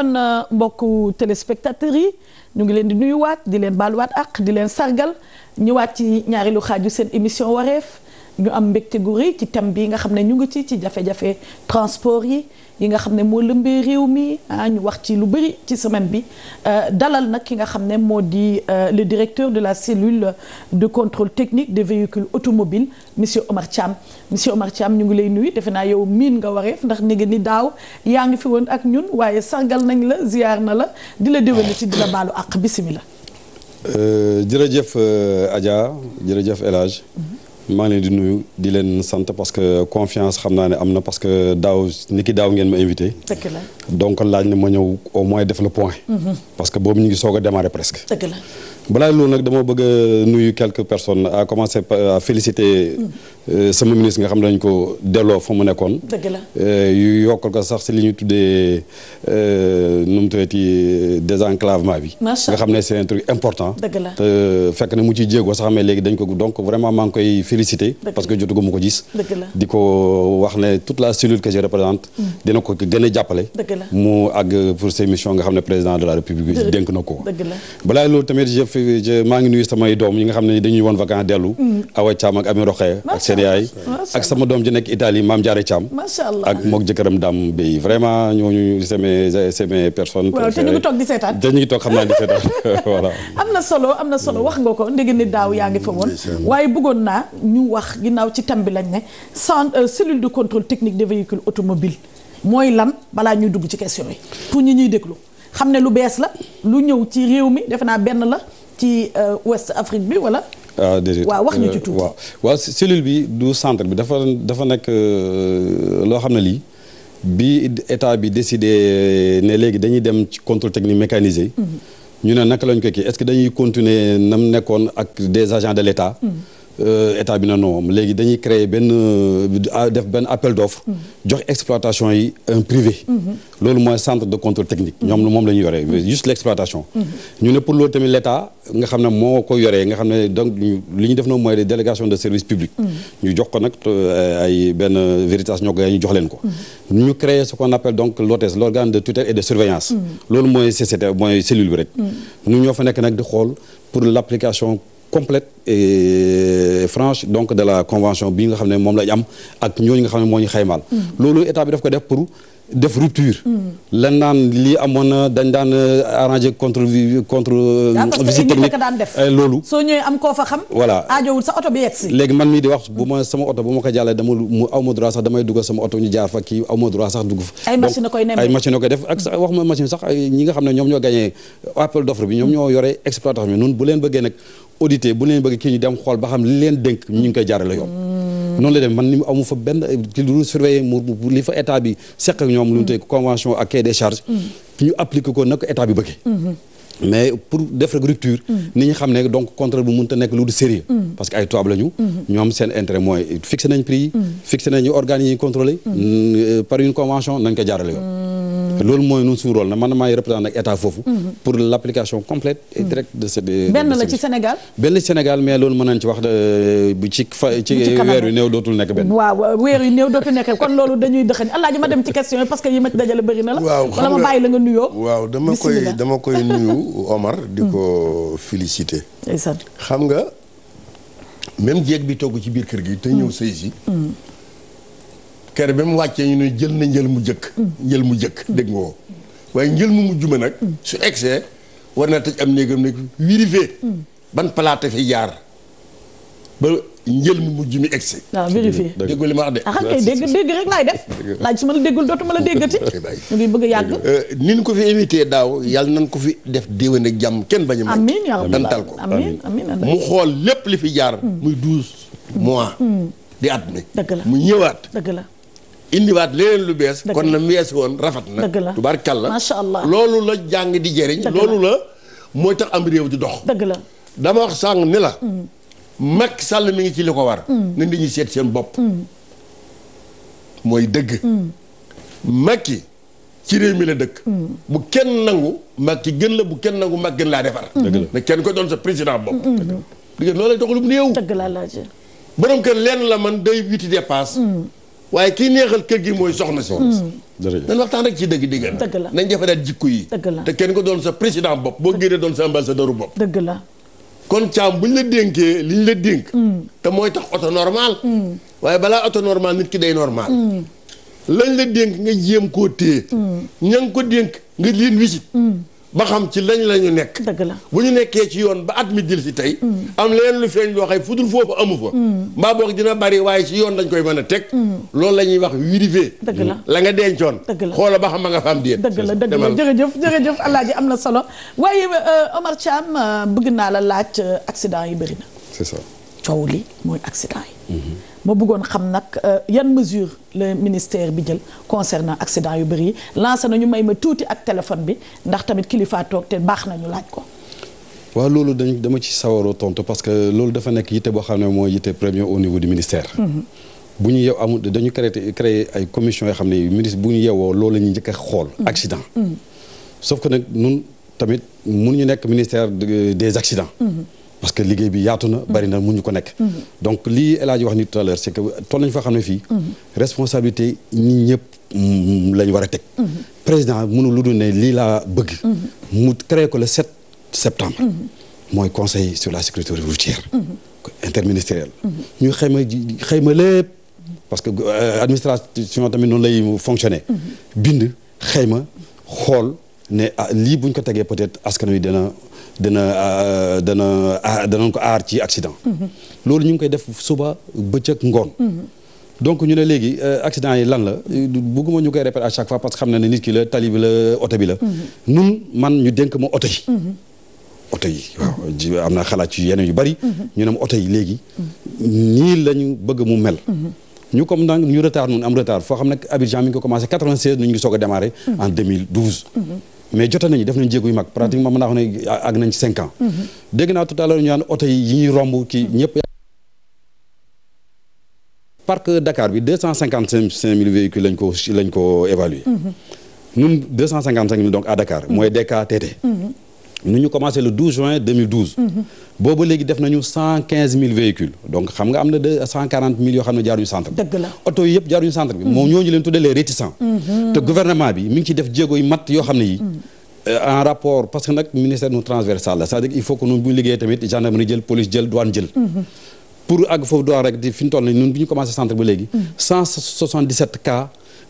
kon euh, mbokku téléspectateurs yi ñu ngi leen di nuyuwaat di leen baaluwaat ak di leen sargal ñëwaat ci ñaareelu xaaju seen émission wareef ñu am mbégte gu rëy ci thème bi nga xam ne ñu ngi ci ci jafe-jafe transport yi yi nga xam ne moo lëmbee réew mi ah ñu wax ci lu bëri ci semaine bi euh, dalal nag ki nga xam ne moo di euh, le directeur de la cellule de contrôle technique des véhicules automobiles monsieur Omar Thiam monsieur Omar Thiam ñu ngi lay nuyu defe naa yow miin nga wareef ndax ni ni daaw yaa ngi fi woon ak ñun waaye sargal nañ la ziyaar na la di la déwénu ci di la baalu àq bisimilah. Euh, jërëjëf Adja jërëjëf maa ngi di nuyu di leen sant parce que confiance xam naa ne am na parce que daaw ni ki daaw ngeen ma invité. dëgg la donc laaj na ma ñëw au moins def mhm. parce que boobu ñu ngi soog a démarrer presque. dëgg la nag dama bëgg a nuyu quelques personnes à commencer à féliciter. Mhm. Euh, sama ministre nga xam ko delloo fa mu nekkoon. dëgg la euh, yu yokkal ko sax si li ñu tuddee euh, nu bi. nga xam ne c'est un truc important. dëgg la te fekk na mu ciy jéego sax mais léegi dañ ko donc vraiment maa ngi koy féliciter. parce que jotagu ma di ko wax la cellule que je représente. Mm. dina ko a jàppale. dëgg la mu àgg la république dénk na ko. dëgg la balaa loolu tamit je maa ngi nuyu samay doom sama yaay ak sama doom ji nekk Italie Mame Diarra Thiam macha allah ak mook jëkkëram Dame Bey vraiment ñooñu c'est mes c'est mes te ñu ngi toog di seetaan te ñu ngi toog xam na solo am nga ko ndégg ni daaw yaa ngi fa woon waaye bëggoon naa ñu wax ginnaaw ci ne euh, de contrôle technique des véhicules automobiles mooy lan balaa ci question yi pour ñi ñuy déglu xam lu bees la lu ñëw ci réew mi defe naa benn la ci euh, ouest Afrique bi wala ah waaw wax ñu euh, waaw waaw cellule bi du centre bi dafa dafa nekk euh, loo xam ne lii bi état bi décidé euh, ne léegi dañuy dem ci contrôle technique mécaniser mhm. ñu ne naka lañ ko kii est-ce que dañuy continuer nam nekkoon ak des agents de l'État. Mhm. Euh, état bi na non léegi dañuy créer benn euh, def benn appel d'offre jox exploitation yi un privé loolu mooy centre de contrôle technique ñoom moom la ñu yoree juste l'exploitation ñu ne pour loolu tamit l'État nga xam ne moo ko yoree nga xam ne donc li ñu def noonu mooy des délégations de service public ñu jox ko nag euh, ay benn Veritas ñoo ko ñu jox leen ko ñu créer ce qu'on appelle donc l'OTS l'organe de tutelle et de surveillance loolu mooy CCT mooy complète et franche donc de la convention bi nga xam ne moom lañ am ak ñooñu nga xam ne moo ñu xaymaal. Mm. loolu état bi daf ko def pour def rupture. Mm. lan naan lii amoon na dañ daan euh, arrangé contre contre. Euh, ah, visite technique eh, loolu. soo ñëwee am koo fa xam. voilà aajowul sa oto bi yegg si. léegi man mii di wax bu ma sama oto bu ma ko jàllee dama damay dugg sama oto ñu jaar fa kii aw ma sax dugg fa. ay machine koy def ak wax ma machine sax ñi nga xam ne ñoom ñoo gagné audité bu leen bëgg kii ñu dem xool ba xam li leen dénk ñu ngi koy jaarale yoon noonu la dem man ni mu fa benn ci lu surveiller mu li fa état bi seq ñoom lu ñu tey convention ak cahier des charges mm. ñu appliqué ko na ko état bi bëggee mm-hmm. mais pour def rek rupture. Mm. nit ñi xam ne donc contrat bu mënta nekk lu du sérieux mm. parce que ay tubaab la mm-hmm. ñoom seen intérêt mooy fixé nañ prix yi. Mm. fixé nañu organes yi contrôlé. Euh, par une convention nañ ko jaarale yoon. loolu mooy ñun suñu rôle na man maay représenté nag état foofu. Mm-hmm. pour l' complète et directe de cette. Euh, benn la ci Sénégal. benn Sénégal mais loolu mën nañ ci euh, weer yu néew dootul nekk benn. waaw weer yu néew dootul nekk kon loolu dañuy Omar. di ko mm. félicité. xam nga même jeeg bi togg ci biir kër gi. te mm. ñëw sëy si. Mm. kër ba mu wàccee ñu ne jël na njël mu jëkk. njël mu jëkk dégg nga woo waaye njël mu mujj ma nag. su egsee war naa tëj am néegam ne vérifié. ban palaate fi jaar njël mu mujj mi egg si. waaw vérifié li ma wax de. Ah, dégg rek laay def laaj su ma la déggul dootuma la déggati. mu ngi bëgg yàgg. Euh, ni ko fi invité daaw yàlla nañ ko fi def déwén ak jàmm kenn bañ a. amiin yaa rabbal dantal ko mu xool lépp li fi jaar. Hmm. muy douze hmm. mois. Hmm. di at mi. dëgg mu ñëwaat. dëgg la. indiwaat leneen lu bees. kon na wees woon rafet na. dëgg la tubaarkàlla macha allah loolu la jàng di jëriñ. loolu la mooy tax am réew di dox. dëgg la dama wax sàng ni la. Macky sàll mi ngi ci li ko war. na mm. nit ñi seet seen bopp. Mm. mooy dëgg. Mm. Macky ci réew mi la dëkk. bu kenn nangu Macky gën la bu kenn nangu Macky gën laa defar. dëgg la kenn ko doon sa président bopp. dëgg la loolay doxalum néew. dëgg la laaj. borom kër lenn la man day witi dépasse. waaye kiy neexal kër gi mooy soxna si. dañ waxtaan rek ci dëgg diggan nañ defaraat jikko yi. te kenn ko doon sa président bopp boo génnee doon sa ambassadeur bopp. dëgg la. kon caam bu ñu la dénkee li ñu la dénk. Mm. te mooy tax oto normal. Mm. waaye balaa oto normal nit ki day normal. Mm. lañ la dénk nga jéem koo téye. ña nga ko dénk nga leen wisit. ba xam ci lañ la ñu nekk. dëgg la bu ñu nekkee ci yoon ba at mi dil si tey. Mm. am leen lu feeñ loo xay fudul foofu amu fa. Mm. mbaa boog dina bari waaye ci yoon lañ koy mën a teg. Mm. loolu la ñuy wax vérifier. dëgg la la nga dencoon. dëgg la xoola ba xam ma nga fa am déet. dëgg la dëgg la jërëjëf jërëjëf Alaaji am na solo waaye euh, Omar Thiam euh, bëgg naa la laaj euh, accident yi bëri na. c'est ça coow li mooy accident yi. Mm-hmm. ma bëggoon xam nag euh, yan mesure le ministère bi jël concernant accident yu bëri yi lancé nañu may ma tuuti ak téléphone bi ndax tamit kilifa toog te baax nañu laaj ko waaw loolu dañ dama ci sawaroo tontu parce que loolu dafa nekk yitte boo xam ne mooy yitte premier au niveau du ministère mhm. bu ñu yew amul dañu créé créé ay commission yoo xam ne ministre bu ñu yewoo loolu la ñuy njëkk xool mhm. accident mhm. sauf que nag nun tamit mun ñu nekk ministère des accidents parce que liggéey bi yaatu na bari na mu ñu ko nekk mm-hmm. donc lii El Hadji wax ni tout à l'heure toll nañu fa xam ne fii mm-hmm. responsabilité ñi ñëpp mm-hmm la war a teg président mënu lu dul ne lii laa bëgg mu créé ko le 7 septembre mooy conseil sur la sécurité routière interministériel ñu xayma xayma lépp parce que euh, administration tamit noonu lay fonctionner bind xayma xool ne ah, lii buñ ko tegee peut-être askan wi dina Euh, dana euh, dana danañ ko aar ci accident. Mhm. loolu ñu ngi koy def suba bëccëg ngoon. Mhm. donc ñu ne léegi euh, accident yi lan la bëgguma ñu koy répéter à chaque fois parce que xam na ne nit ki la tali bi la oto bi la. Mhm. nun man ñu dénk ma oto yi. oto yi am na xalaat ci yeneen yu bari. ñu ne ma oto yi léegi. nii lañu bëgg mu mel. ñu comme nag ñu retard nun am retard foo xam ne Abidjan mi ngi ko nu ñu ngi soog a démarré. en mais jote nañu def nañ jéego yu mag pratiquement mën naa xam ne àgg nañ ci cinq ans dégg naa tout à l'heure ñu naan oto yi ñuy romb kii ñëpp parc Dakar bi deux cent cinquante cinq mille véhicules lañ ko lañ ko évalué mm-hmm. ñun deux cent cinquante cinq mille donc à Dakar mm-hmm. mooy DKTT ñu ñu commencé le juin boobu léegi def nañu cent quinze mille véhicules donc xam nga am na deux cent quarante mille yoo xam ne jaaruñu centre bi. oto yi yëpp jaaruñu centre bi. moom mm-hmm. ñooñu leen tuddee les réticents. Mm-hmm. te gouvernement bi mi ngi ciy def jéego yu mat yoo xam ne yi. Mm-hmm. Euh, en rapport parce que nag ministère nu transversal la c'est-à-dire il faut que ñun bu ñu tamit gendarmerie jël police jël douane jël. pour àgg foofu douane rek di fi ñu ñu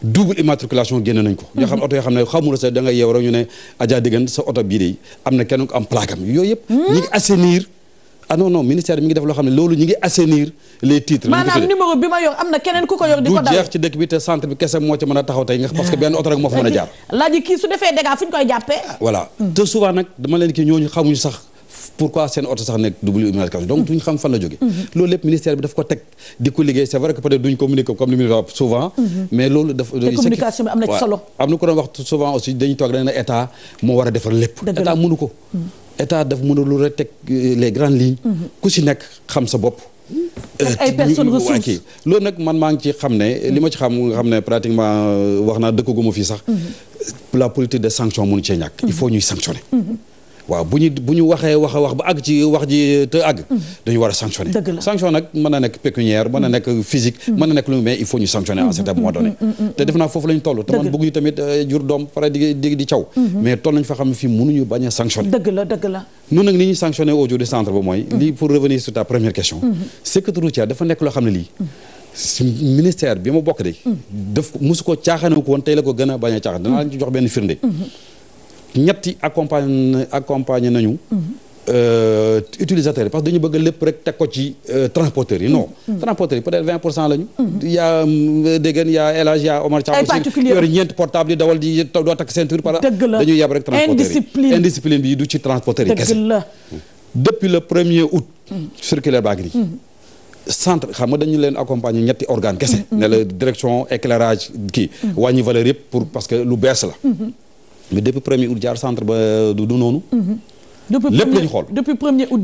double immatriculation génne nañ ko yoo xam oto yoo xam ne xamula sa da nga yeew rek ñu ne Adja Dégane sa oto bii de am na yooyu yëpp hmm? ñi ngi assainir ah non non mi ngi def loo xam ne loolu ñi ngi assainir les titres maanaam numéro bi ma yor am na keneen ku ko yor di ko du jeex ci dëkk bi te centre bi kese moo ci mën a taxaw tey nga parce que benn oto rek moo fa mën a jaar laaj kii su defee dégâts fu ñu koy jàppee ah, voilà hmm. te souvent nag dama leen kii ñooñu xamuñu sax pourquoi seen oto sax nekk double immatriculation donc duñ xam fan la jóge loolu lépp ministère bi daf ko teg di ko liggéey c'est vrai que peut être duñ communiquer comme ni mu na ci mm. euh, mm-hmm. nekk euh, man maa ngi ci xam ne li ma ci xam nga xam ne pratiquement euh, wax naa dëkkaguma fii sax mm-hmm. la politique de sanction mënu cee ñàkk il faut ñuy sanctionner mm-hmm. waaw bu ñu waxee wax a wax ba àgg ci wax ji te àgg mm-hmm. dañu war a sanctionner sanction nag mën na nekk pécuniaire mën na mm-hmm. nekk physique mm-hmm. mën na nekk lu mais il faut ñu sanctionner à un certain moment donné te def naa foofu lañu toll te man bëgg ñu tamit euh, jur doom pare di di caw mais toll nañ fa xam ne fii mënuñu bañ a sanctionner dëgg la dëgg la nun nag ni sanctionner au jour du centre ba mooy lii pour revenir sur ta première question sécurité routière loo xam ne lii ministère bi ma bokk de daf musu ko caaxaane ko woon tey la ko gën a bañ a caaxaan danaa lañ ci jox ñetti accompagne accompagner nañu. Mhm. Euh, utilisateur yi parce que dañu bëgg lépp rek ko ci euh, transporteurs yi non. Mhm. Mhm. transporteurs yi peut-être 20 pour cent lañu. yaa euh, dégg ngeen yaa El yaa Omar Thiam. ay particuliers ñeent portable yi dawal di doo takk ceinture par dañuy yab rek transporteurs yi indiscipline bi du ci transporteurs yi kese. depuis le premier août. circulaire baa ngi nii. centre xam nga dañu leen accompagner ñetti organe kese. ne la direction éclairage kii. wàññi valeur yëpp pour parce que lu bees la. mais depuis premier août jaar centre ba euh, du noonu. Mhm. lépp lañu xool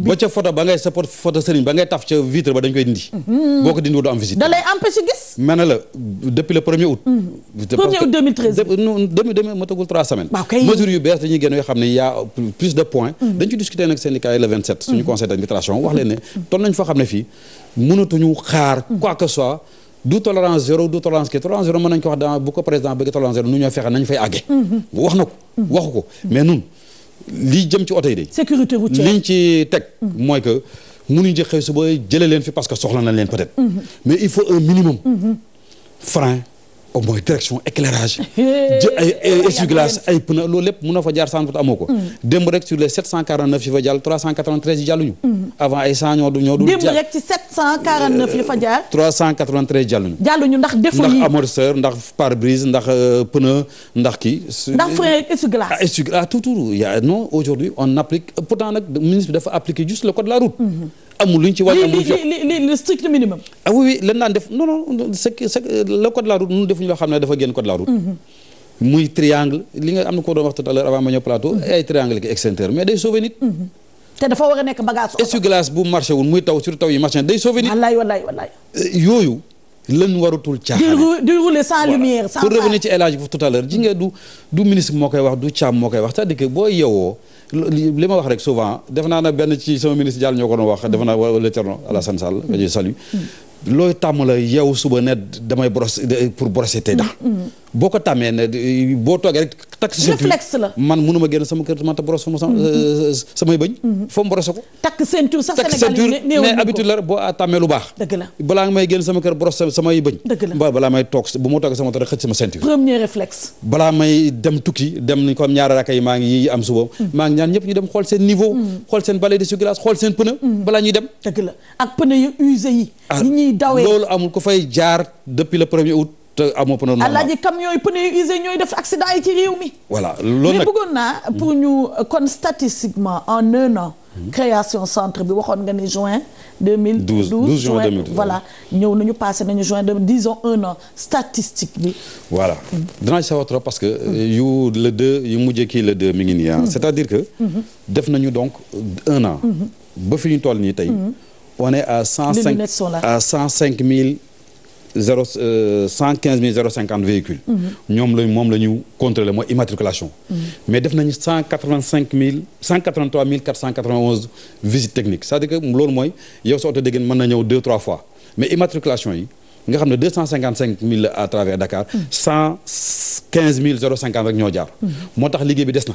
ba ca photo ba ngay sa photo sëriñ ba ngay taf ca vitre ba dañ koy dindi. Mhm. boo ko dindi du am visite. da lay empêcher gis. ma la depuis le premier août. Mhm. premier euh, trois semaines. mesures yu bees dañuy génn yoo xam ne y' plus de points. dañ ci discuter nag syndicat yi le 27. suñu conseil d' administration wax leen toll nañ foo xam ne fii mënatuñu xaar quoi que soit. du tolérance zéro du tolérance kii tolérance zéro mën nañu ko wax dans bu ko président bëgg tolérance zéro nu ñoo fexe nañu fay àggee. Mm-hmm. wax na ko. Mm-hmm. waxu ko mais nun li jëm ci oto yi de. sécurité routière liñ ci teg. Mm-hmm. mooy que mënuñu jëxee suba jëlee leen fi parce que soxla nañ leen peut-être. mais il faut un minimum. frein. au moins direction éclairage. jë ay essuie-glace ay pneu loolu lépp mënoo fa jaar sans faute amoo ko. Mm. démb rek sur les 749 yi fa jàll ndax défaut ndax amortisseur ndax pare-brise ndax euh, pneu ndax kii. ndax frein ak essuie-glace. Ah, ah, tout tout y a non aujourd'hui on applique pourtant nag ministre bi dafa appliquer juste le code la route. Mm-hmm. amul lu ñu ci wàññi amul lu ñu le strict minimum. ah oui oui lan naan def non non c'est que de la xam ne dafa génn code de la route. Mm-hmm. muy triangle li nga am na ko doon wax tout à l'heure avant ma ñëw plateau. Mm-hmm. ay triangle ki extincteur mais day sauver nit. Mm-hmm. te dafa war a nekk bagage. essuie-glace bu marché wul muy taw surtout taw yi marché day sauver nit. Euh, yooyu. lën warutul caaxaan déroulé sans lumière sans pour revenir ci El Hadj tout à l'heure ji du ministre moo koy wax du càmm moo koy wax cest à boo yewoo li ma wax rek souvent def naa na benn ci sama ministre Diallo ñoo ko doon wax def naa wala Thierno Alassane Sall ka ñuy salut mm. looy tàmm la yew suba ne damay brosse pour brosser tey dax boo ko tàmmee ne boo toogee rek takk sa ceinture man mënu génn sama kër ma ta boros sama mm-hmm. euh, samay bëñ mm-hmm. foo mu borose ko takk ceinture sax takk boo balaa may génn sama kër boros samay bëñ dëgg balaa may dem tukki dem ni comme ñaari rakk yi maa ngi yi am suba mm-hmm. maa ngi ñaan ñëpp ñu dem xool seen niveau xool seen balai de surglage xool seen pneu balaa ñuy dem ak pneu yu usé yi ñi ah, ñuy dawee loolu amul ko fay jaar depuis le premier août te amoo pneu normal alaaji camion yi pneu yu usé def accident yi ci réew voilà loolu nag mais ñu euh, kon statistiquement en un an. Hmm. création centre bi waxoon nga ni juin. 2012 12 juin 2012 voilà ñëw nañu passé nañu juin de disons un an statistique bi. voilà hmm. dinaa ci sawar parce que. Euh, yu le deux yu mujjee kii le deux mi ngi nii ah. hmm. c'est-à-dire que. def nañu donc un an. ba fi ñu toll nii tey. on est à à cent cinq mille. zéro euh, cent cinquante véhicules. ñoom lañ moom la ñu mooy immatriculation. mais def nañu cent quatre vingt cinq mille cent quatre vingt trois mille quatre cent quatre vingt onze visites techniques c'est-à-dire que loolu mooy yow sa oto dégg mën na ñëw deux trois fois mais immatriculation yi nga xam ne deux cent cinquante cinq mille à travers Dakar. rek ñoo jaar. moo tax liggéey bi des na.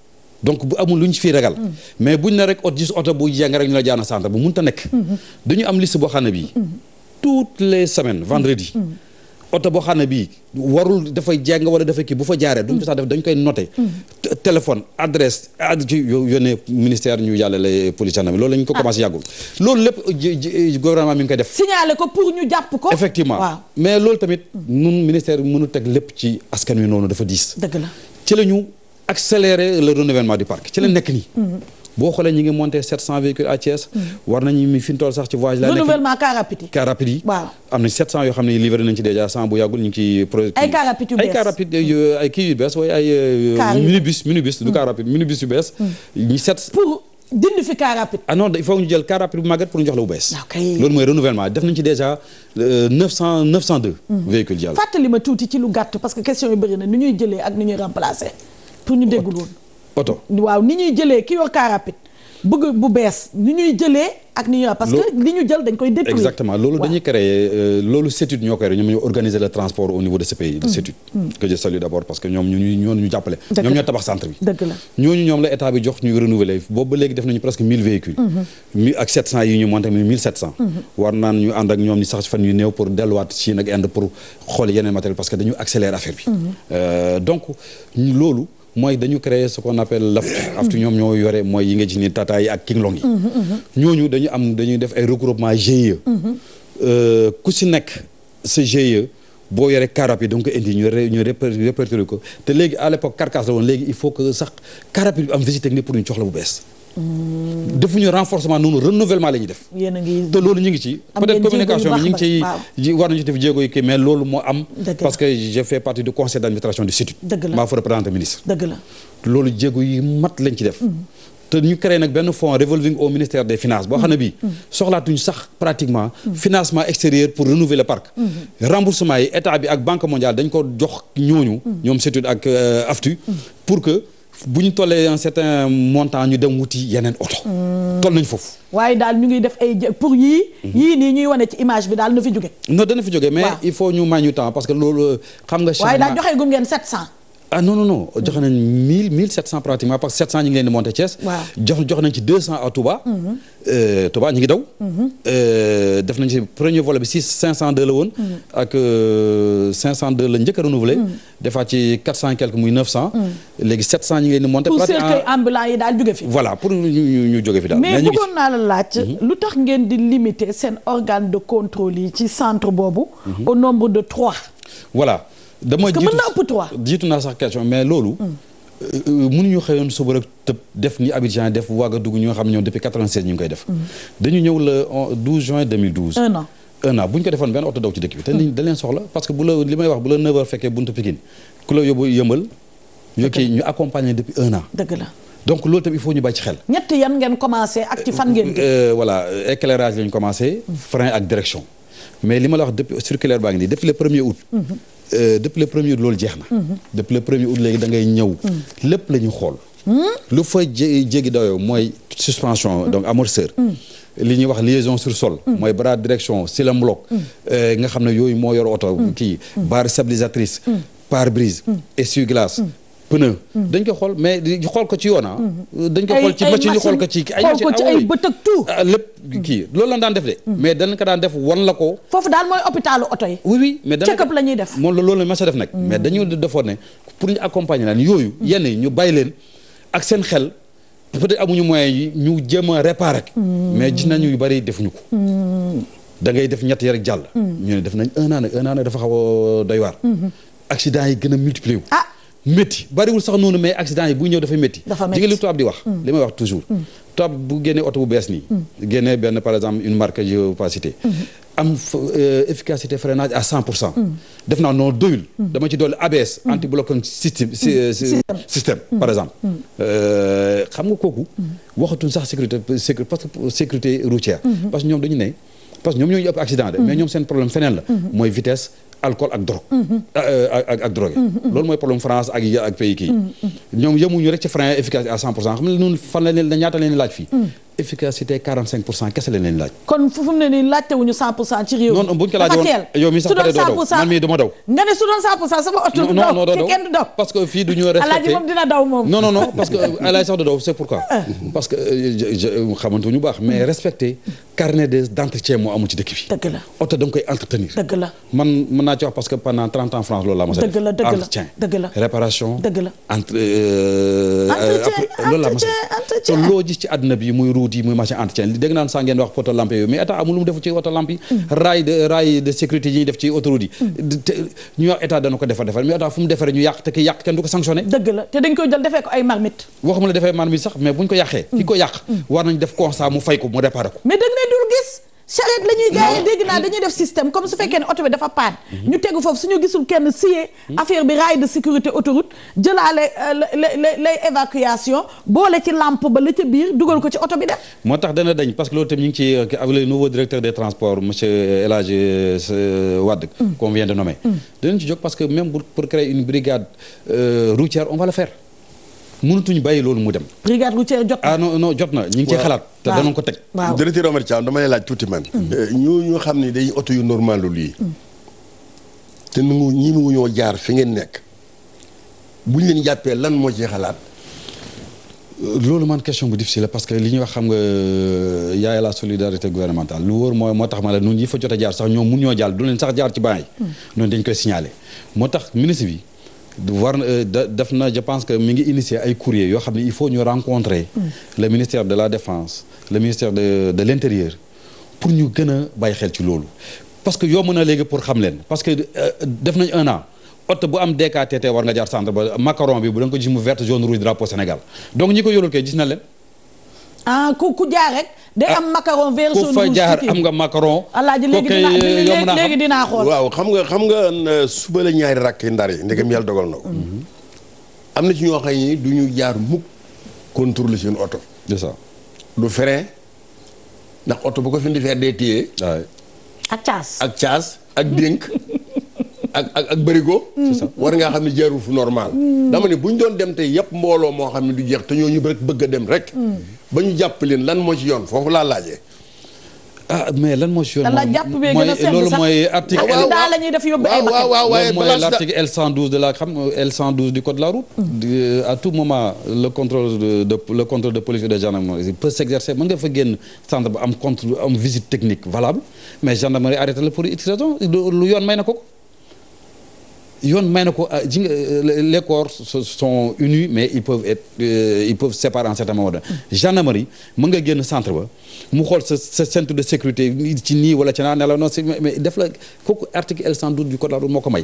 donc bu amul lu ñu fi ragal. Mm. mais bu buñ ne rek ot gis oto bu jàng rek ñu la jaana centre bu mun ta nekk. Mm-hmm. dañu am liste boo xam ne bii. Mm-hmm. toutes les semaines vendredi. Mm-hmm. oto boo xam ne warul dafay jàng wala dafay kii bu fa jaaree. duñ ko dañ koy noté. téléphone adresse ad ci yónnee ministère ñu jàllale police gendarmerie loolu la ñu ko ah. commencé lépp mi ngi koy def. signalé ko pour ñu jàpp ko. effectivement mais loolu tamit. Mm. nun ministère mënu teg lépp ci askan wi noonu dafa diis. dëgg la ci ñu. accélérer le renouvellement du parc ci la nekk nii. boo xoolee ñu ngi monté 700 véhicules war nañu mi fi sax ci voyage. la nekk renouvellement car rapide yu bees ay euh, minibus minibus du car minibus yu bees. Hmm. ñu set pour dindi fi car ah non il faut ñu jël car bu màggat pour ñu jox la bu bees. loolu mooy renouvellement def nañu ci déjà 900 euh, 902. Hmm. véhicules jàll. fàttali ma tuuti ci lu gàtt parce que question yu bëri nu ñuy pour ñu déggul woon. oto waaw ni ñuy jëlee ki yor car bu bees ni ñuy jëlee ak ni ñuy parce que li ñu jël dañ koy détruire. exactement loolu dañuy créer euh, loolu CETUD ñoo créé ñoom ñoom la état bi jox ñu renouveler boobu léegi def nañu presque 1000 véhicules. Mm-hmm. mi ak 700 yi ñu monté tamit 1700. Mm-hmm. war naan ñu ànd ak ñoom ñu sax fan yu néew pour delluwaat Chine ak Inde pour xool yeneen matériel parce que dañu accélérer affaire bi. Mm-hmm. Euh, donc loolu. mooy dañu créer ce qu'on appelle laftu aftu mm-hmm. ñoom ñoo yore mooy yi nga ji ni tata yi ak kinglong mm-hmm, mm-hmm. ñoo ñu dañu am dañuy def ay regroupement GIE euh, ku si nekk sa GIE boo yore carap yi donc indi ñu ñu ko te léegi à l'époque carcasse la woon léegi il faut que sax carap yi am visite technique pour ñu jox la bu bees defuñu renforcement noonu renouvellement la def. te loolu ñu ngi ci. peut communication bi ñu ngi ciy war nañu def jéego yi mat lañ ci def. Mm. te ñu créé nag benn fonds revolving au ministère des finances boo xam ne bii mm. Mm. soxlaatuñ sax pratiquement financement extérieur pour renouveler le remboursement yi état bi ak banque mondiale dañ ko jox ñooñu ñoom CETUD ak euh, AFTU pour que bu ñu tollee un certain montant ñu dem wuti yeneen oto. toll nañ foofu. waaye daal ñu ngi def ay pour yii. Mhm. yii nii ñuy wane ci image bi daal na fi jóge. non dana fi jóge mais il faut ñu may ñu temps parce que loolu euh, xam nga. changement waaye daal joxe gum ngeen 700. ah no non non jox nañ mille mille sept cent pratiquement parce que sept cent ñu ngi leen di monter Thiès. jox nañ ci deux cent à Touba. Mhm. Euh, Touba ñu daw. Mhm. Euh, def nañ ci premier volet bi six cinq deux la woon. Mhm. ak euh, cinq cent deux la njëkk a renouvelé. defaat ci quatre cent quelque muy neuf cent. léegi sept cent ñu ngi leen yi daal jóge fi. voilà pour ñu ñu ñu fi daal. mais bëggoon naa la laaj. lu tax ngeen di limiter seen organe de contrôle yi ci centre boobu. au nombre de trois. voilà. dama jiitu mën na ëpp trois jiitu naa sax question mais loolu. Hmm. Euh, euh, mënuñu xëyoon suba rek tëb def ni Abidjan def Ouagadougou ñoo xam ne ñoom depuis 96 ñu ngi koy def. Hmm. dañu ñëw le 12 juin 2012. un an un an bu ñu ko defoon benn oto daw ci dëkk bi. te ni hmm. da leen soxla parce que bu la li may wax bu la 9h fekkee buntu Pikine ku la yóbbu yëmbal. ñu kii ñu accompagner depuis un an. dëgg la. donc loolu tamit il faut ñu bàyyi ci xel. ñett yan ngeen commencé ak ci fan euh, ngeen. voilà éclairage lañu commencé. frein ak direction mais li ma la wax depuis circulaire baa ngi nii depuis le premier août. Euh, depuis le premier août loolu jeex na. Mhm. depuis le premier août léegi da ngay ñëw. Mhm. lépp lañu ñu xool. Hmm? lu fa jé jéggi dayoo mooy suspension hmm. donc amortisseur. Hmm. li ñuy wax liaison sur sol. mooy bras de direction silam bloc. Euh, nga xam ne yooyu moo yor oto. kii barre stabilisatrice. pare-brise. essuie-glace. pneu. dañ ko xool mais di xool ko ci yoon ah. dañ ko xool ci machine yi xool ko ci ay machine tout. Ah, lépp kii loolu la daan def de. Mm. mais dañ ko daan def wan la ko. foofu daal mooy hôpitalu oto yi. oui oui la ñuy def. moom loolu la ma sa def nag. Mm. mais dañu defoon ne pour ñu accompagner laan yooyu. Mm. yenn yi ñu yi ñu jéem a réparer. mais gis nañu yu bari defuñu ko. da ngay def ñett yar ak jàll. ñu ne def nañ un an un an dafa xaw a waar. Mm-hmm. accident yi gën a multiplier métti bariwul sax noonu mais accident yi buy ñëw dafa métti di nga li tubaab di wax hmm. li may wax toujours hmm. tubaab bu génnee oto bu bees nii hmm. génnee benn par exemple une marque je veux pas am euh, efficacité freinage def naa noonu doyul dama ci dolli ABS anti blocking système système par exemple euh, xam nga kooku waxatuñ sax sécurité routière parce que ñoom dañu ne parce que ñoom ñoo ñu ëpp accident ñoom seen problème feneen la mooy vitesse alcool ak drogue. Euh, ak ak loolu mooy problème France ak ak pays kii. ñoom yemuñu rek ci frein efficace à 100 pour cent xam ne noonu ñaata leen laaj fii. efficacité 45 pour cent kese lañ leen laaj. kon fu mu ne nii laajte wu ñu 100 pour cent ci réew mi. non bu ñu ko laajoon yow mi sax pare doo daw man mii du ma daw. nga ne su doon 100 pour cent sama oto. du daw te kenn du daw parce que fii du ñu respecté alaaji moom dina daw moom. non non non parce que alaaji sax du daw c'est pourquoi. Ah. parce que euh, xamante ñu baax mais mm. respecté carnet d'entretien moo amul ci dëkk bi. dëgg la oto da nga koy entretenir. dëgg la man mën naa ci wax parce que pendant 30 ans France loolu la ma sa def. dëgg la dëgg la entretien réparation. dëgg la entre. Euh, euh, entretien entretien loolu la ma sa def te loo gis ci àdduna bi muy route yi muy marché entretien li naan sax ngeen wax poto lampe yooyu mais état amul lu mu def ci poto lampe yi mm. raay de sécurité yi def ci autoroute yi mm. ñu wax état dana ko defar defar mais état fu defaree ñu yàq te ki yàq kenn du ko sanctionné dëgg la te dañ koy jël defee ko ay marmite waxuma la defee marmite sax mais buñ ko yàqee ki mm. ko yàq war nañ def constat mu fay ko mu réparé ko mais dañ ne dul gis charette la ñuy gars yi dégg naa dañuy def système comme su fekkee ne oto bi dafa paan ñu tegu foofu suñu gisul kenn siyee mm-hmm. affaire bi rail de sécurité autoroute jëlaale euh, lay évacuation boole ci lampe ba la ca biir dugal ko ci oto bi moo tax dana dañ parce que loolu tam ñu ngi ci avec le nouveau directeur des transports monsieur El Hadj euh, Wade mm. qu'on vient de nommer mm. dinañ ci jóg parce que même pour créer une brigade euh, routière on va le faire mënatuñu bàyyi loolu mu dem. brigade routière jot na ah non non jot na. ñu ngi cee xalaat te danañ ko teg. waaw directeur Omar Thiam dama lay laaj tuuti man. Hmm. Eh, ñu ñu xam ne day oto yu normal lu lii. Hmm. te nu mu mu ñoo jaar fi ngeen nekk bu ñu leen jàppee lan moo ci xalaat. loolu man question bu difficile la parce que li ñuy wax xam nga euh, yaay la solidarité gouvernementale lu wóor mooy moo tax ma la ñun yi fa jot a jaar sax ñoom mun ñoo jaal du leen sax jaar ci bàyyi. noonu hmm. dañ koy signalé moo tax ministre bi. war na euh, def na je pense que mi ngi initier ay courrier yoo xam ne il faut ñu rencontrer le ministère de la défense le ministère de de l'intérieur pour ñu gën a bàyyi xel ci loolu parce que yomb na léegi pour xam leen parce que euh, def nañ un an oto bu am DKTT war nga jaar centre ba macaron bi bu da nga ko gis mu verte jaune rouge drapeau Sénégal donc ñi ko yorul kay gis na leen ah ku ku jaar rek. day ah, am macaron ku fa jaar am nga macaron. alaaji léegi dinaa xool waaw xam nga xam nga euh, suba la ñaari rakk yi ndar yi ndegam yàlla dogal na ko. Mm-hmm. am na ci ñoo xam du ñu jaar mukk contrôle seen oto. c'est ça du frein ndax oto bu ko fi indi dee téye. ak caas ak caas ak dénk. ak ak ak bërigo. Mm. war ngaa xam ne jaarul fu normal. Mm. dama ne bu ñu doon dem te yëpp mbooloo moo xam ne du jeex te ñoo ñu bëgg a dem rek. Mm. ba ñu jàpp leen lan moo ci yoon foofu laa laajee. ah mais lan moo ci yoon. lan jàpp bee gën a seetlu sax loolu mooy article. daa ah, la def yóbbu ay bakkan loolu mooy l' article de la xam euh, L 112 du code de la route. Mm. à tout moment le contrôle de de le contrôle de police et de gendarmerie peut s' exercer mën nga fa génn centre am contre am visite technique valable mais gendarmerie arrêté la pour une raison lu yoon may na ko ko. yoon may na ko ah, ji nga euh, les corps son unis mais ils peuvent être euh, ils peuvent se séparer en certain moment donné gendarmerie mën nga génn centre ba mu xool sa sa centre de sécurité ci nii wala ci naa ne la non def la kooku article L112 du code de la moo ko may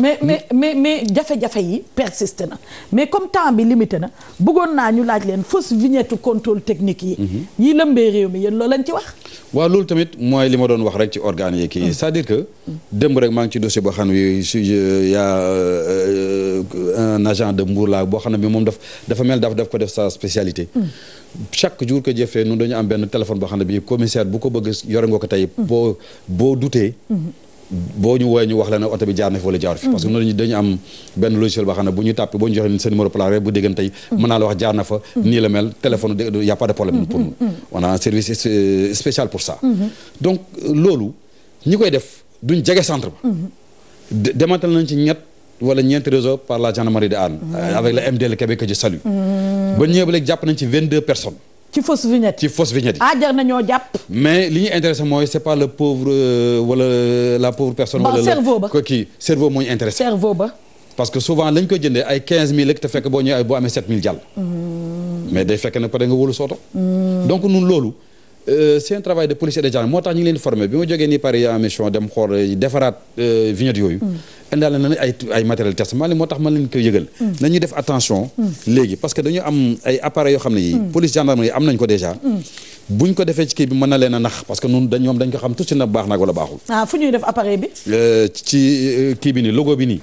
mais mais mais mais jafe-jafe yi persiste na mais comme temps bi limité na bëggoon naa ñu laaj leen fausse vignette contrôle technique yi. Mhm. yi lëmbee réew mi yéen loolu lañ ci wax. waa loolu tamit mooy li ma doon wax rek ci organes yi kii mhm. c'est-à-dire que. Mhm. démb rek maa ngi ci dossier boo xam ne su yaa euh, un agent de Mbour laa boo xam ne bi moom daf dafa mel daf def ko def sa spécialité. chaque jour que jëfee ñun dañu am benn téléphone boo xam ne bii commissaire bu ko bëgg yore nga ko tey. boo boo dutee. boo ñu woowee ñu wax la ne oto bi jaar na fi wala jaar fi parce que noonu mm-hmm. dañu am benn logiciel boo xam bu ñu tàppee boo ñu joxee sa numéro plaque rek bu déggante tey mën naa la wax jaar na fa mm-hmm. nii la mel téléphone y a pas de problème mm-hmm. pour nous on a un service euh, spécial pour ça donc loolu ñi koy def duñ jege centre ba démantel nañ ci ñett wala ñeenti réseau par la gendarmerie de Anne avec le MDL Québec que je salue ba ñëw ba léegi jàpp nañ ci ci fausse vignette ci fausse vignette. ah jàpp. mais li ñu intéressé mooy c' pas le pauvre euh, wala la pauvre personne. wala cerveau ba ba. parce que souvent lañ ko jëndee ay 15000 te fekk boo ñëwee boo amee 7000 jàll. Hmm. mais day fekk nag peut nga wóolu sooto. Hmm. donc nun loolu. Euh, c' un travail de policier et de gendarme moo tax ñu leen di bi ma jógee nii Paris en mission dem xool euh, defaraat vignette yooyu. Hmm. indaale na ay ay matériel testament li moo tax mën leen ko yëgal hmm. nañu def attention hmm. léegi parce que dañu am ay appareils yoo xam ne yi hmm. police gendarmerie am nañ ko déjà buñ ko defee ci kii bi mën na leen a nax que ñun dañ ñoom dañ ko xam tuuti na baax ah, bi euh, ci euh, kii bi nii logo bi nii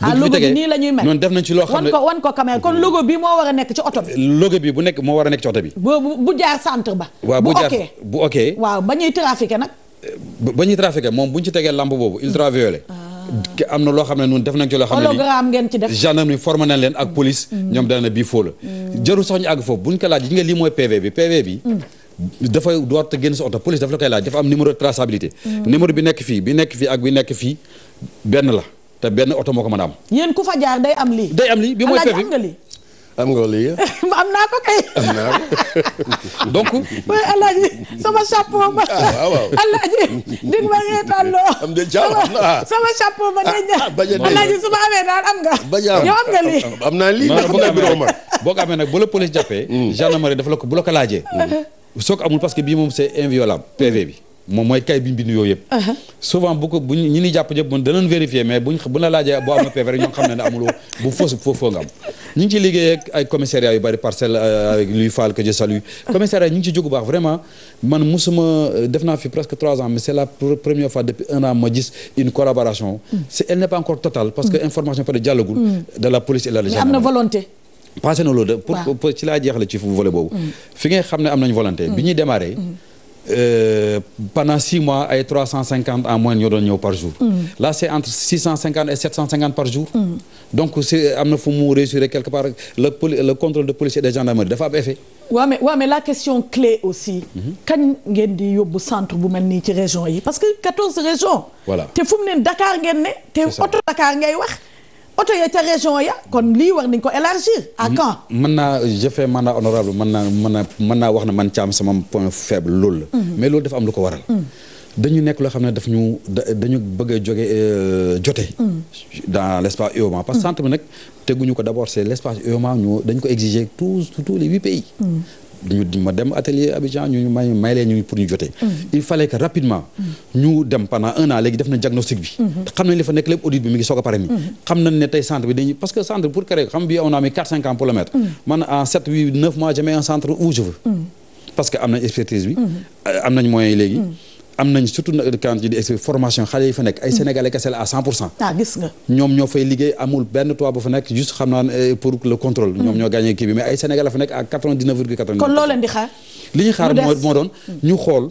ah logo bi noonu def nañ ci loo xam ne wan ko wan ko caméra kon logo bi moo war a nekk ci oto bi euh, logo bi bu nekk moo war a nekk ci oto bi bu jaar centre ba waaw bu jaar bu ok ba ñuy trafiqué nag ba ñuy trafiqué moom bu ñu ci tegee lampe boobu ultraviolet ah. am na loo xam ne ñun def nañ ci loo xam ne hologramme ngeen ak police mm. Mm. ñoom dana bii foo mm. jarul sax ñu àgg foofu buñ ko laaj yi nga lii mooy PV bi PV bi dafay door te génn sa oto police dafa la koy laaj dafa am numéro de traçabilité bi nekk fii bi nekk fii ak bi nekk fii benn la te benn oto moo ko mën a am yéen ku fa jaar day am lii day am lii bi mooy PV am nga wala yéen. naa ko kay. donc. mooy alaaji sama chapeau ma. ah waaw waaw ah. Ah, amee daal am nga. a yow am nga lii. am naa lii ndax am amee nag bu la police jàppee. Hmm. gendarmerie dafa la ko bu la ko laajee. amul parce que bii moom c'est inviolable PV bi. moom mooy kay bi mbind yooyu uh-huh. souvent bu ko jàpp jëpp mun danañ vérifier mais bu na laajee boo am na PV ñoo xam ne amuloo bu fausse foofu nga am ñu ci liggéey ay commissariat yu bari parcelle euh, avec Louis Fall que je salue commissariat ñu ci jógu baax vraiment man musuma euh, def naa fi presque trois ans mais c'est la première fois depuis un an ma gis une collaboration mm. c'est elle n'est pas encore totale parce que mm. information peut être jàllagul mm. de la police et Euh, pendant six mois ay trois cent cinquante en moyenne ñoo doon ñëw par jour. Mm. là c' est entre six cent cinquante et sept cent cinquante par jour. Mm. donc si am na fu mu réussir quelque part le contrôle de police et de gendarmerie dafa am effet. waaw la question clé aussi. Mhm. kañ ngeen di yóbbu centre bu mel nii ci région yi parce que quatorze régions. te fu mu Dakar ngeen ne. te auto Dakar ngay wax. oto ya ca région ya kon lii wax nañ ko élargir à quand mën naa je man mandat honorable mën naa mën naa mën naa wax ne man caam sama point faible loolu la mm-hmm. mais loolu dafa am lu ko waral mm. dañu nekk loo xam ne daf ñu dañu bëgg a jóge euh, jote mm. dans l' espace UEMOA parce que mm. centre bi nag teguñu ko d' abord c' est l' espace dañ ko exiger tous tous les huit pays dañu ma dem atelier Abidjan ñu may may ñu pour ñu jotee. Mm-hmm. il fallait que rapidement. Mm-hmm. ñu dem pendant un an léegi def na diagnostic bi. Mm-hmm. xam nañ li fa nekk lépp audit bi mi ngi soog a pare nii. xam nañ ne tey centre bi dañuy parce que centre pour créer xam bi on a quatre cinq pour le man en sept huit neuf mois je mets centre où je parce que am nañ expertise bi. Euh, am nañ moyens yi léegi. am nañ surtout quand je dis formation xale yi ay hmm. sénégalais kese la à 100 pour cent. Ah, ñoom ñoo fay liggéey amul benn toit bu fa juste xam naa eh, pour le contrôle. Hmm. ñoom ñoo gagné kii mais ay sénégalais fa nekk à 99 virgule 99. kon loo leen di xaar. li ñu xaar moo moo doon hmm. ñu xool.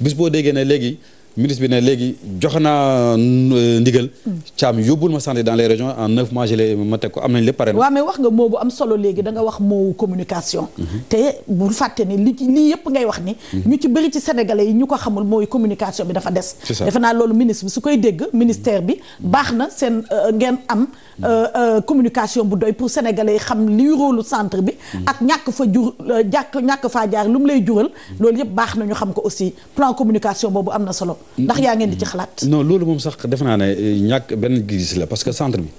bis boo déggee ne léegi ministre bi ne léegi jox naa euh, ndigal. Hmm. caam yóbbul ma santé dans les régions en neuf mois jëlee ma teg ko am nañ lépp pare. waaw mais wax nga moo bu am solo léegi da nga wax moo communication. Mm-hmm. te bu fàtte ni li lii yëpp ngay wax ni. Mm-hmm. ñu ci bëri ci sénégalais yi ñu ko xamul mooy communication bi dafa des. defe naa loolu ministre bi su koy dégg ministère bi mm-hmm. baax na seen euh, ngeen am euh, communication bu doy pour sénégalais yi xam liy rôlu centre bi. ak ñàkk fa jur jàkk ñàkk faa jaar mu lay jural. loolu yëpp baax na ñu xam ko aussi plan communication boobu am na solo. ndax yaa ngeen di ci xalaat. non loolu moom sax def naa ne euh, ñàkk benn gis la parce que centre bi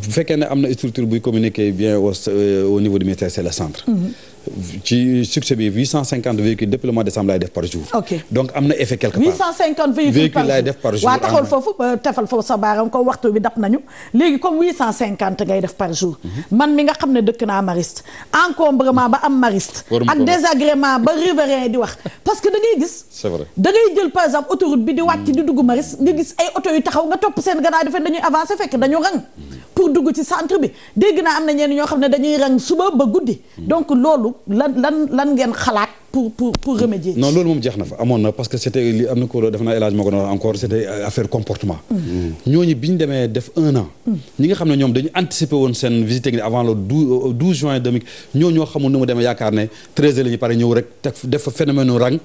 bu fekkee ne am na structure buy communiquer bien au euh, au niveau du ministère c'est le centre. Mhm. ci succès bi 850 véhicules depuis le mois de décembre laay def par jour. ok donc am na effet quelque part. 850 véhicules par jour laay def par jour. waaw taxawal foofu tefal foofu sa baaram ko waxtu bi dab nañu léegi comme 850 ngay def par jour. Mhm. man mi nga xam ne dëkk naa Mariste encombrement ba am Mariste. ak désagrément ba riverain di wax parce que da ngay gis. c'est vrai da ngay jël par exemple autoroute bi di wàcc mhm. di dugg Mariste nga gis ay oto yu taxaw nga topp seen gannaaw defe dañuy avancer fekk dañu rang. Mhm. pour dugg ci centre bi dégg naa am na ñenn ñoo xam ne dañuy rang suba ba guddi. Hmm. donc loolu lan lan lan ngeen xalaat pour pour pour remédier. non loolu moom jeex na fa amoon na parce que c' am na ko def naa élage moo ko doon encore c' euh, affaire comportement. Mm. Mm. ñooñu bi ñu demee def un an. Mm. ñi nga xam ne ñoom dañu anticiper woon seen visite technique avant le euh, douze juin deux mille xamul nu mu demee yaakaar ne treize heures pare ñëw rek def fa phénomène rang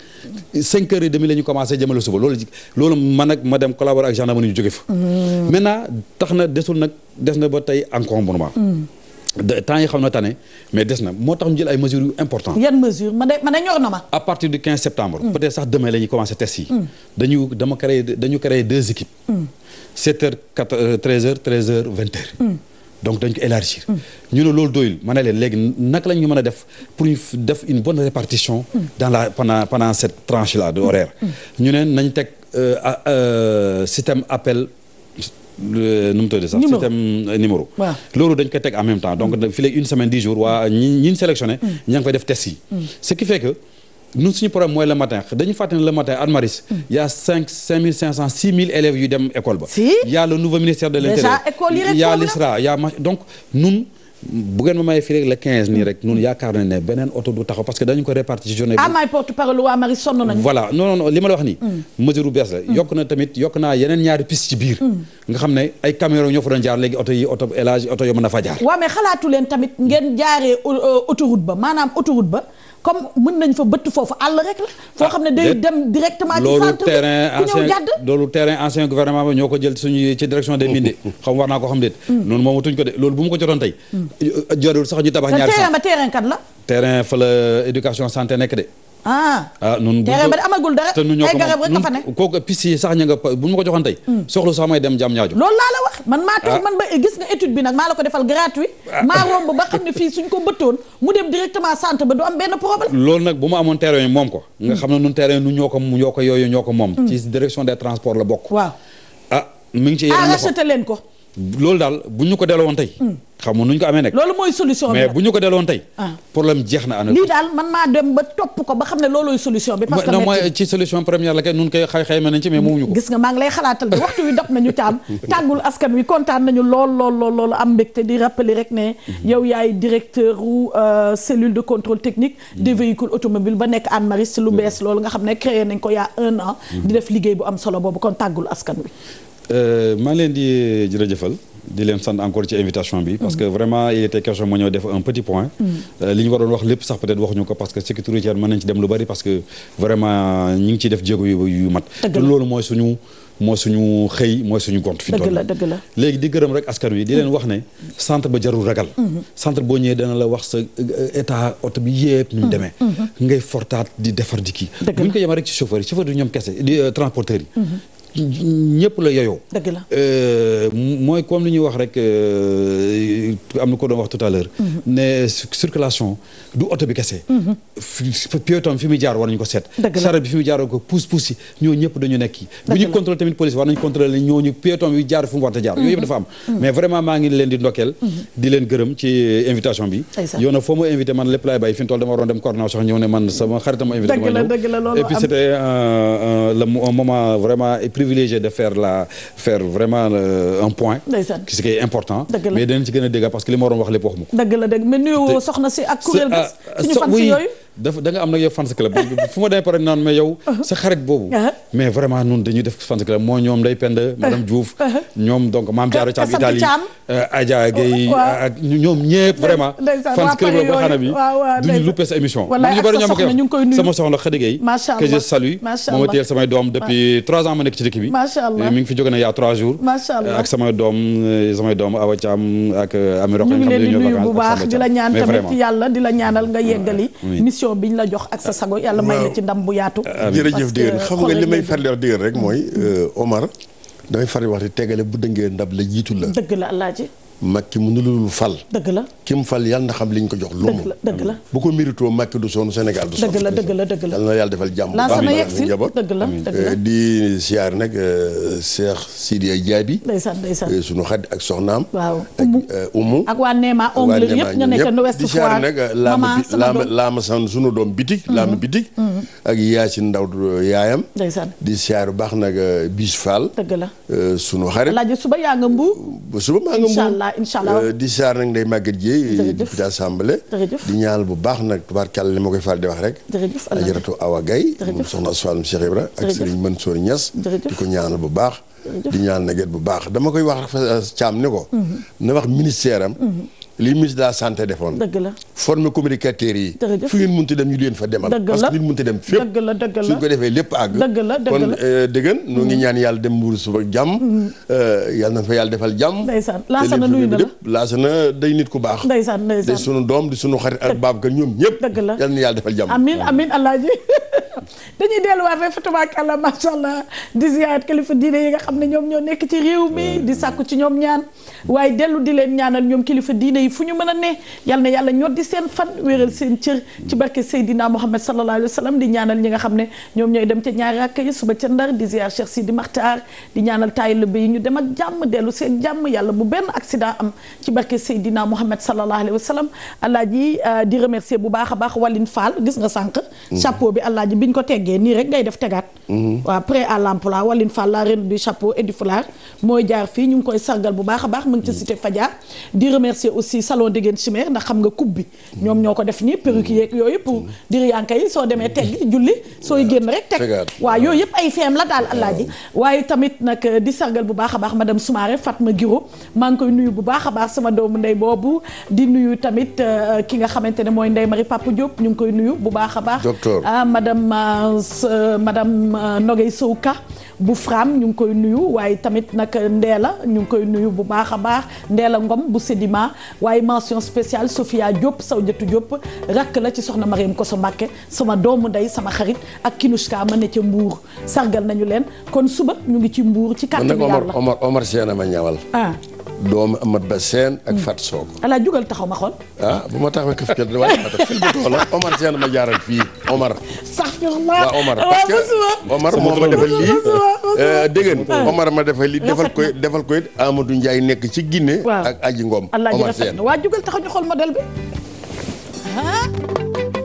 cinq heures demi la ñu commencé suba loolu loolu man ma dem collaborer ak gendarmerie ñu jóge fa. maintenant tax na desul temps yi xaw na tane mais des na moo tax ñu jël ay mesures yu important yan mesures man de man ñor na ma. à partir du 15 septembre. Mm. peut-être sax demain la ñuy commencer test yi. Mm. dañu dama créé deux équipes. 7 mm. heures 4 13 euh, heures 13 heures donc dañ ko élargir. ñu ne loolu doyul ma ne leen léegi naka la ñu mën a def pour def une bonne répartition. dans la pendant cette tranche là de horaire. ñu ne nañ teg euh, euh, système appel. Euh, nu sax système euh, numéro loolu dañ ko teg en même temps donc mm. fi une semaine dix jours waa ñi ñi sélectionné mm. ña ngi def test yi mm. ce qui fait que ñun suñu problème mooy le matin dañu fàtte ne matin Anne Maris a élèves yu dem école ba y a le nouveau ministère de l'intérieur y a l'ISRA donc ñun bu ngeen ma may fii rek le nii rek ñun yaakaar nañ ne beneen oto du taxaw parce que dañu ko réparti ci journée bi. amaay porte parole waa Marie sonn nañu. voilà non non li ma wax nii. Mm. mesure bees la. Mm. yokk na tamit yokk naa yeneen ñaari piste ci biir. Mm. nga xam ne ay camions ñoo fa doon jaar léegi oto yi oto élage oto yoo mën na faa jaar. waaw mais xalaatu leen tamit ngeen jaaree euh, autoroute ba maanaam autoroute ba. comme mën nañ fa bëtt foofu àll rek la. foo ah, xam ne day dem directement. ci centre bi ku ñëw jàdd loolu terrain ancien gouvernement ba ñoo ko jël suñu ci direction des mines xam war naa ko xam déet. Mm. noonu moomu tuñ ko de loolu bu mu ko jotoon tey. Mm. jarul sax ñu tabax ñaari sax terrain ba terrain kan la. terrain fa la éducation santé nekk de. ah noonu ah, terrain ba amagul dara te ñun ay moom ko fa yi sax ña nga bu ñu ma ko joxoon tey hmm. soxla sax may dem jam ñaajo loolu laa la wax man maa toog ah. man ba gis nga étude bi nag maa la ko defal gratuit ah. maa romb ba xam ne fii suñ ko bëttoon mu dem directement santé ba du am benn problème loolu nag bu mu amoon terrain moom ko hmm. nga xam ne nu terrain nu ñoo ko ñoo ko yooyu ñoo ko moom hmm. ci direction des transports la bokk waaw ah mi ngi ci yéen a racheté leen ko loolu daal bu ñu ko delloo woon tey xamu nuñ ko amee nekk. loolu mooy solution bi bu ñu ko delloon tey. Ah. problème jeex na. lii daal man maa dem ba topp ko ba xam ne loolooy solution bi. parce que non mooy ci solution première la kay nun koy xay xayma nañ ci mais moomuñu ko. gis bi kontaan nañu lool lool lool lool am mbégte di rappeler rek ne. Mhm. yow yaay directeur ru euh, cellule de contrôle technique. Mhm. des véhicules automobiles ba nekk Anne Maris lu bees mhm. loolu nga xam ne créé nañ ko y' a un def liggéey bu am solo boobu kon tàggul askan wi. Euh, maa leen di euh, jërëjëfal. di leen sant encore ci invitation bi. parce que vraiment il était question ma ñëw def un petit point. Euh, li waroon wax lépp sax peut waxuñu ko parce que sécurité routière ci dem lu ne mm-hmm. centre ba jarul ragal mm-hmm. centre boo ñëwee dana la wax sa euh, état oto bi yëpp ni mu demee mm-hmm. ngay fortaat di defar di kii ko yema rek ci chauffeur yi chauffeur yi ñoom kese di euh, transporteur yi ñëpp la yoyoo. dëgg la euh, mooy comme li ñuy wax rek euh, am na ko doon wax tout à l'heure mhm. ne circulation du oto bi kese. Mhm. piéton fi muy jaar war nañu ko seet. charrette bi fi muy jaar ko pousse pousse yi ñoo ñëpp dañu nekk yi bu ñu contrôlé tamit police war nañu contrôlé ñooñu piéton bi jaar fu mu war a jaar. yooyu yëpp dafa am mhm. mais vraiment maa ngi leen di ndokkeel. di leen gërëm ci euh, invitation bi. yow foo ma invité man lépp laay bàyyi fi toll dama waroon dem coordination privilégié de faire la faire vraiment euh, un point. ndeysaan ce qui est important. mais dinañ ci gën a dégg parce que li ma waroon wax lépp wax mu ko. dëgg la dëgg mais nuyoo soxna si ak kuréel ga. Ah, suñu fan si yooyu. dafa da nga am nag yow fans club fu ma demee pare naan mais yow uh-huh. sa xarit boobu uh-huh. mais vraiment nun dañuy def fans club moo ñoom day pend uh-huh. madame Diouf ñoom donc maam Diarra Thiam Italie nuyu a téyel ma nekk ci dëkk mi ngi fi jóge na il y a euh, euh, bu baax di la ñaan tamit yàlla di la ñaanal nga yeggali mission biñ la jox ak sa sago yàlla may ci ndam bu yaatu ah, jërëjëf dëgg xam nga li may faral di wax rek mooy euh, Omar damay faral wax di tegale bu dëngee ndab la jiitu la dëgg la alaaji Macky mënulul fal. dëgg la ki mu fal yàlla na xam li ko jox. lu mu dëgg la bu ko méritoo Macky du sonn Sénégal du sonn. dëgg la dëgg la dëgg la yàlla na yàlla defal jàmm. lancé na yegsi dëgg eh, di siyaar nag eh, Cheikh Sidiya Diaby. ndeysaan eh, sunu xarit ak soxnaam. waaw umu ak waa doom bitik. Mm-hmm. laama bitik. Mm-hmm. ak Yacine Ndaw yaayam. di siyaar baax nag Bis Fall. sunu xarit. laaj suba yaa nga mbu. suba maa nga mbu ah euh, incha di saar nag Ndeye Maguette Dieye député assemblée di ñaanal bu baax nag tubaarkàlla li ma koy faral di wax rek ajaratu Awa Gaye moom soxna asfalum Cheikh Ibra ak Serigne Mansour Niass di ko ñaanal bu baax di ñaanal nag bu baax dama koy wax euh, Thiam ni ko mhm. na wax ministère am mhm. li ministre de la santé defoon. dëgg la former communicateurs yi. fu ngeen munti dem ñu leen fa demal. dëgg la parce que nit munti dem fépp. dëgg la dëgg la suñ ko defee lépp àgg. dëgg la dëgg la kon euh, dëggan ñu ngi ñaan yàlla dem mbuur suba jàmm. Mm-hmm. Euh, yàlla na fa yàlla defal jàmm. ndeysaan laasana nuyu na la laasana day nit ku baax. ndeysaan ndeysaan day sunu doom di sunu xarit ak baab ka ñoom ñëpp. dëgg la yàlla na yàlla defal jàmm. amiin amiin alaaji dañuy delluwaat rek fa tabaarakalla macha allah di ziyaat kilifa diine yi nga xam ne ñoom ñoo nekk ci réew mi di sàkku ci ñoom ñaan waaye dellu di leen ñaanal ñoom kilifa diine yi fu ñu a ne yal na yàlla ñot di seen fan seen cër ci barke Seydina Muhammad sallallahu alayhi wa sallam di ñaanal ñi nga xam ne ñoom ñooy dem ca ñaari rakk yi suba ca Ndar di ziyaar Cheikh Sidi Makhtar di ñaanal taalibe yi ñu dem ak jàmm dellu seen jàmm yàlla bu benn accident am ci barke Seydina Muhammad sallallahu alayhi wa sallam alaaji euh, di remercier bu baax a baax Walin Fall gis nga sànq mm. chapeau bi alaaji biñ ko teggee nii rek ngay def tegaat. Mhm. waaw prêt à l'emploi Waline Fall la reine du chapeau et du mooy jaar fii ñu ngi koy sargal bu baax a baax mu ngi ci cité Fadia di remercier aussi salon Déguène Chimère ndax xam nga coupe bi ñoom ko def nii perruque yeeg yooyu pour mhm. dir yanka yi soo demee tegg mhm. julli sooy génn rek teg waaw yooyu yëpp ay feem la daal Alaaji waaye tamit nag euh, di sargal bu baax a baax madame Soumaré Fatma Giro maa ngi koy nuyu bu baax a baax sama doomu ndey boobu di nuyu tamit euh, ki nga xamante ne mooy Ndey Marie Papa Diop ñu ngi koy nuyu bu baax a baax ah Euh, madame euh, Nogay Sow Ka bu Fram ñu ngi koy nuyu waaye tamit nag Ndéla ñu ngi koy nuyu bu baax a baax Ndéla Ngom bu Sedima waaye mention spéciale Sophia Diop Sawjatu Diop rakk la ci soxna Mariam Koso Mbàkke sama doomu ndey sama xarit ak Kinushka ma ne ca Mbuur sargal nañu leen kon suba ñu ngi ci Mbuur ci kàttan yàlla man nag Omar Omar Omar ma ñawal ah. doomu Amath Bassène ak hmm. Fat Soog. ala jugal taxaw ma xool. ah bu ma taxawee këf tax ah, ma jaaral fii Omar. sax fi waaw parce que Omar moo ma eh, ah. ma defal lii defal koy defal koy Amadou nekk ci Guinée. ak Aji Ngom Omar Sène waaw jugal taxaw ñu xool modèle bi. Ah.